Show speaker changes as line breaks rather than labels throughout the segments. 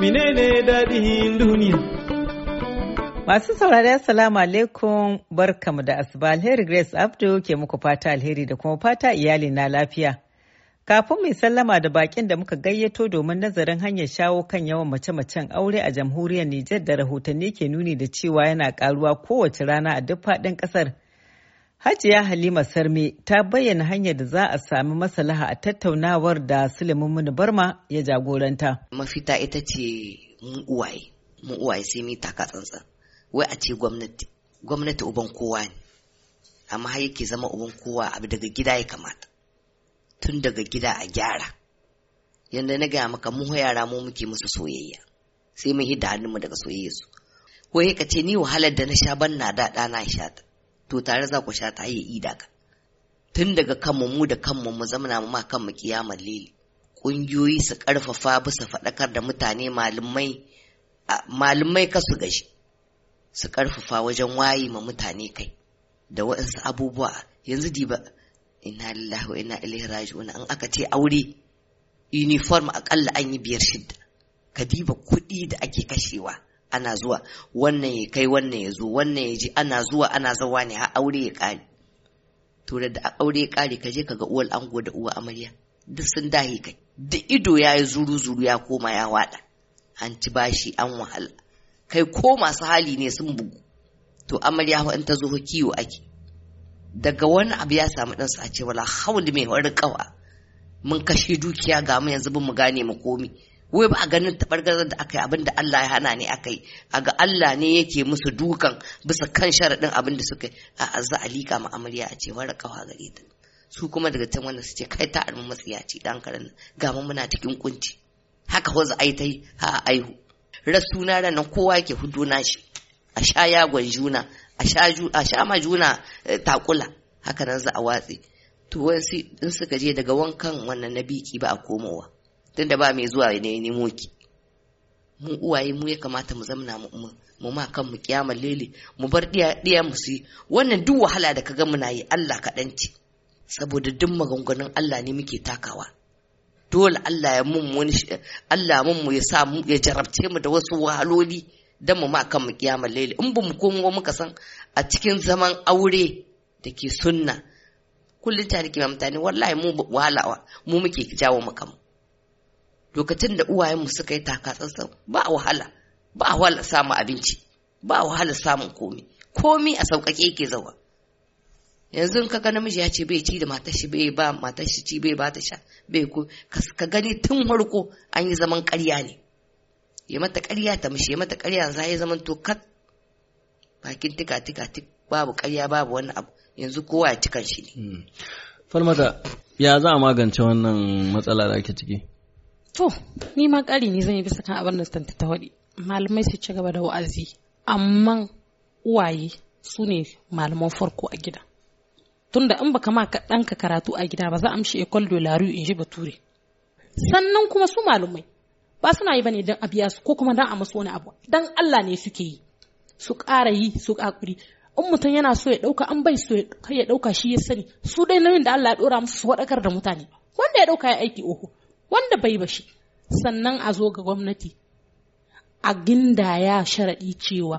menene daɗin
duniya. Masu saurari Assalamu alaikum barkamu da asuba alheri Grace Abdu ke muku fata alheri da kuma fata iyali na lafiya. Kafin mai sallama da bakin da muka gayyato domin nazarin hanyar shawo kan yawan mace-macen aure a jamhuriyar Nijar da rahotanni ke nuni da cewa yana ƙaruwa kowace rana a duk faɗin ƙasar. Hajiya Halima Sarmi ta bayyana hanyar da za a sami maslaha a tattaunawar da
Suleiman Barma ya jagoranta. Mafita ita ce mu uwaye, mu uwaye sai mu taka tsantsan. Wai a ce gwamnati, gwamnati uban kowa ne. Amma har yake zama uban kowa abu daga gida ya kamata. Tun daga gida a gyara. Yanda na gaya maka mu yara mu muke musu soyayya. Sai mun hidda hannunmu daga soyayya su. Wai ka ce ni wahalar da na sha ban na da ɗana sha ta. to tare za ku sha ta yi ida ka tun daga kanmu mu da kanmu mu zamana mu ma kanmu kiyamar lili ƙungiyoyi su ƙarfafa su faɗakar da mutane malumai malumai kasu gashi su ƙarfafa wajen waye ma mutane kai da waɗansu abubuwa yanzu diba inna lillahi wa ina ilaihi raji'un an aka ce aure uniform akalla an yi biyar shidda ka diba kuɗi da ake kashewa ana zuwa wannan ya kai wannan ya zo wannan ya ji ana zuwa ana zawa ne har aure ya kare to da aure ya kare ka je ka ga uwar ango da uwa amarya duk sun dahi kai da ido ya yi zuru zuru ya koma ya wada an ci bashi an wahala kai ko masu hali ne sun bugu to amarya in ta zo kiwo ake daga wani abu ya samu ɗansa a ce wala haul mai wani kawa mun kashe dukiya ga mu yanzu bin mu gane mu komi wai ba a ganin tabargazar da aka yi abin da Allah ya hana ne aka yi a ga Allah ne yake musu dukan bisa kan sharaɗin abinda suka yi a azza alika ma amarya a ce wara kawa gare ta su kuma daga can wanda su ce kai ta armi ya ce dan karan ga mu muna cikin kunci haka wanzu ai yi, ha aihu rasuna ranan kowa yake hudu nashi a sha yagon juna a sha a sha ma juna eh, takula haka nan za a watse to wai in suka je daga wankan wannan na biki ba a komowa tunda ba mai zuwa ne nemo ki mu uwaye mu ya kamata mu zamna mu ma kan mu kiyama lele mu bar diya mu su wannan duk wahala da kaga muna yi Allah ka ce saboda duk maganganun Allah ne muke takawa dole Allah ya mun wani Allah mun mu ya sa mu ya jarabce mu da wasu wahaloli dan mu ma kan mu kiyama lele in ba mu komo muka san a cikin zaman aure da ke sunna kullum tare ke mutane wallahi mu wahala mu muke jawo mu kanmu lokacin da uwayenmu suka yi takatsantsan ba a wahala ba a wahala samun abinci ba a wahala samun komi komi a sauƙaƙe yake zawa yanzu ka ga namiji ya ce bai ci da matar shi bai ba matar shi ci bai ba ta sha bai ko ka gani tun farko an yi zaman ƙarya ne ya mata ƙarya ta mishi ya mata ƙarya za ya zaman to kat bakin tika tika tik babu ƙarya babu wani abu yanzu kowa ya ci kan shi ne. Hmm.
Falmata ya za a magance wannan matsala da
ake ciki? To, ni ma ƙari ne zan yi bisa kan abin da stanta ta waɗi. Malamai su ci gaba da wa'azi, amma uwaye su ne malaman farko a gida. Tunda in baka ma ɗanka karatu a gida ba za a mishi ekol dolaru in ji bature. Sannan kuma su malamai ba suna yi bane don a biya su ko kuma don a masu wani abu don Allah ne suke yi su ƙara yi su ƙaƙuri in mutum yana so ya ɗauka an bai so ya ɗauka shi ya sani su dai nauyin da Allah ya ɗora musu su waɗakar da mutane wanda ya ɗauka ya aiki oho wanda bai bashi sannan a zo ga gwamnati a gindaya sharaɗi cewa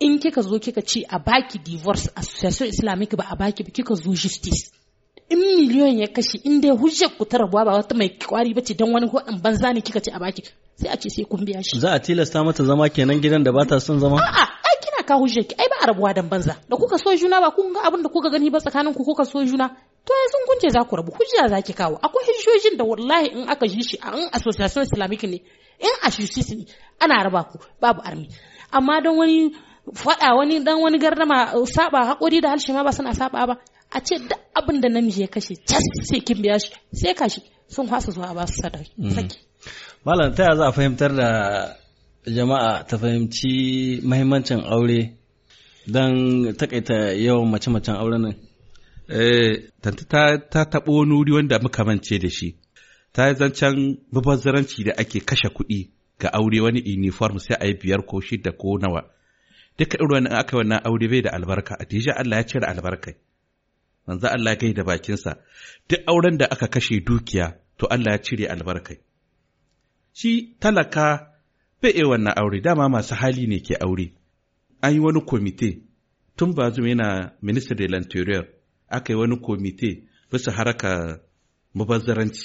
in kika zo kika ce a baki divorce association islamic ba a baki ba kika zo justice in miliyon ya kashe in dai hujjar ku ta rabuwa ba wata mai kwari ba ce don wani hudun banza ne kika ce a baki sai a ce sai kun biya
shi za a tilasta mata zama kenan gidan da ba ta son zama a'a
ai kina ka hujjar ki ai ba a rabuwa dan banza da kuka so juna ba kun ga abin da kuka gani ba tsakanin ku kuka so juna to ya sun kunce za ku rabu hujja za ki kawo akwai hujjojin da wallahi in aka ji shi an association islamic ne in a ne ana raba ku babu armi amma don wani fada wani dan wani gardama saba hakuri da harshe ma ba suna saba ba a ce duk abin da namiji ya kashe cas sai kin biya shi sai kashi sun hasa zuwa ba su sadar mm.
saki malam ta za a fahimtar da jama'a ta fahimci
mahimmancin aure don takaita yawan mace-macen aure nan Eh, tantu ta taɓo wani wuri wanda muka mance da shi ta yi zancen mubazzaranci da ake kashe kuɗi ga aure wani uniform sai a yi biyar ko shida ko nawa duka irin wani aka wannan aure bai da albarka a Allah ya cire albarkai manzo Allah ya da bakinsa duk auren da aka kashe dukiya to Allah ya cire albarka shi talaka bai iya wannan aure dama masu hali ne ke aure an yi wani komite tun bazum yana minister de l'interior aka yi wani komite bisa haraka mubazzaranci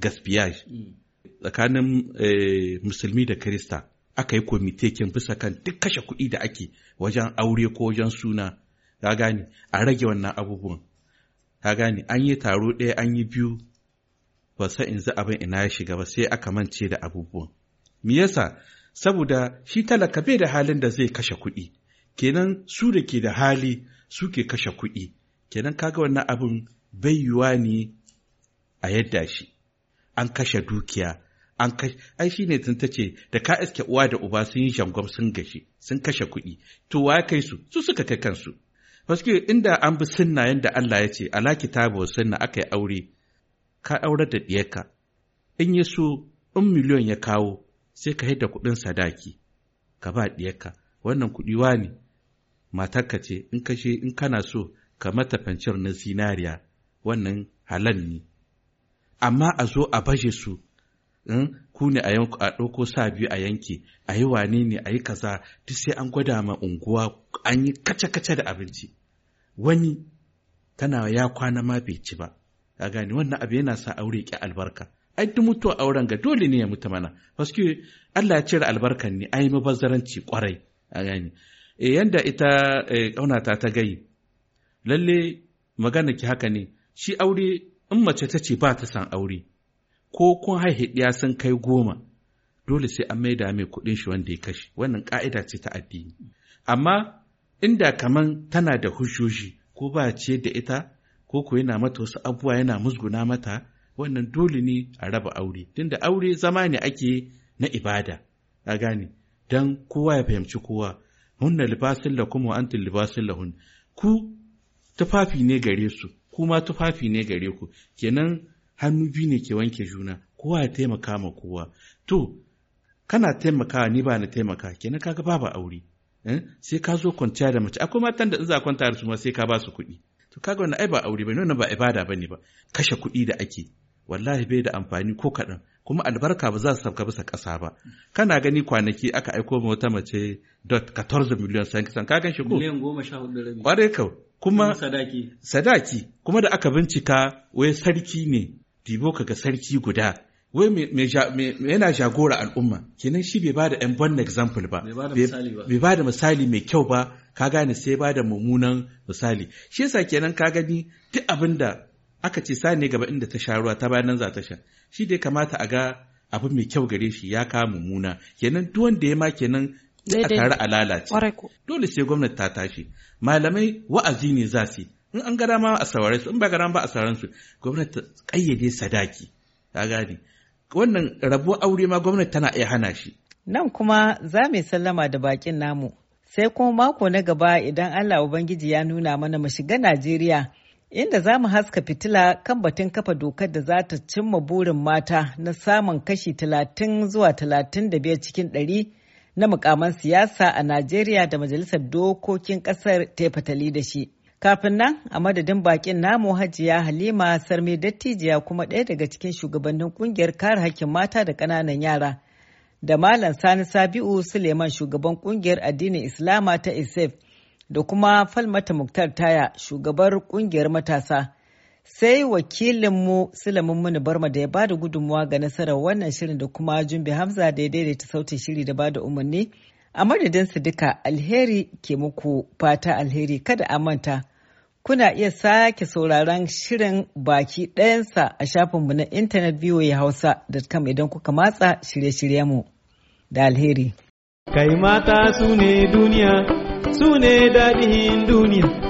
gaspiya tsakanin eh, musulmi da kirista aka yi komite kin bisa kan duk kashe kuɗi da ake wajen aure ko wajen suna ka gane a rage wannan abubuwan ka gane an yi taro ɗaya an yi biyu ba sa in za abin ina ya shiga ba sai aka mance da abubuwan me yasa saboda shi talaka bai da halin da zai kashe kuɗi kenan su da ke da hali su ke kashe kuɗi kenan kaga wannan abin bai yiwuwa ne a yadda shi an kashe dukiya an kashe ai shine tun tace da ka iske uwa da uba sun yi shangwam sun gashi sun kashe kuɗi to wa kai su su suka kai kansu Paske inda an bi sunna yanda Allah ya ce ala kitabu sunna aka yi aure ka aure da ɗiyarka in ya so in miliyon ya kawo sai ka haida kuɗin sadaki ka ba ɗiyarka wannan kuɗi ne matarka ce in kashe in kana so ka mata fancir na zinariya wannan halal ne amma a zo a baje su hmm, ku ne a ɗauko sa biyu a yanki, a yi wane ne a yi kaza duk sai an gwada ma unguwa an yi kace-kace da abinci wani tana ya kwana ma bai ci ba a gani wannan abu yana sa aure ki albarka ai duk a auren ga dole ne ya mutu mana paske Allah ya cire albarkan ne ai mubazzaranci kwarai a gani. Eh, yanda ita eh, ƙaunata ta gai lalle magana ki haka ne shi aure in mace ta ce ba ta san aure ko kun haihe ɗiya sun kai goma dole sai an maida mai kuɗin shi wanda ya kashe wannan ƙa'ida ce ta addini amma inda kaman tana da hujjoji ko ba ce da ita ko ko yana mata wasu abubuwa yana musguna mata wannan dole ne a raba aure tunda aure zama ne ake na ibada a gane dan kowa ya fahimci kowa hunna libasin lakum wa libasin lahun ku tufafi ne gare su kuma tufafi ne gare ku kenan hannu biyu ne ke wanke juna kowa ya taimaka ma kowa to kana taimakawa ni ba na taimaka kenan kaga babu aure eh, sai ka zo kwanciya da mace akwai matan da in za kwanta da su ma sai ka ba su kuɗi to kaga wannan ai ba aure bane wannan ba ibada bane ba kashe kuɗi da ake wallahi bai da amfani ko kaɗan kuma albarka ba za su sauka bisa ƙasa ba kana gani kwanaki aka aiko ma wata mace dot 14 miliyan san ka gan shi ko miliyan
14
kwarai kawai kuma sadaki sadaki kuma da aka bincika wai sarki ne dibo kaga sarki guda wai yana jagora al'umma kenan shi bai bada yan bon example ba bai bada misali mai kyau ba ka gane sai bada mummunan misali shi yasa kenan ka gani duk abin da aka ce sani gaba inda ta sha ruwa ta bayan za ta sha shi dai kamata a ga abu mai kyau gare shi ya kawo mummuna kenan duk wanda ya ma kenan
a
tare a
lalace dole sai gwamnati ta tashi malamai wa'azi ne za su in an gara ma a saurare su in ba gara ba a sauran su gwamnati ta ƙayyade sadaki ta gane wannan rabuwar aure ma gwamnati tana iya hana shi nan kuma za mu sallama da
bakin namu sai kuma mako na gaba idan Allah Ubangiji ya nuna mana mu shiga Najeriya inda za mu haska fitila kan batun kafa dokar da za ta cimma burin mata na samun kashi talatin zuwa talatin da biyar cikin ɗari. na mukaman siyasa a Najeriya da Majalisar Dokokin Ƙasar ta fatali da shi. Kafin nan a madadin bakin namu hajiya Halima Sarmi Dattijiya kuma ɗaya daga cikin shugabannin kungiyar kare hakkin mata da ƙananan yara. Da Malam Sani Sabi'u Suleiman shugaban kungiyar addinin Islama ta ISEF da kuma Falmata Muktar Taya shugabar kungiyar matasa. sai wakilinmu Suleman Muni Barma da ya ba da gudunmuwa ga nasarar wannan shirin da kuma Jumbe Hamza da ya daidaita sautin shiri da ba da umarni. A madadin su duka alheri ke muku fata alheri kada a manta. Kuna iya sake sauraron shirin baki ɗayansa a shafinmu na intanet voa hausa.com idan kuka matsa shirye-shiryenmu da alheri. Kai mata su ne duniya, su ne daɗin duniya.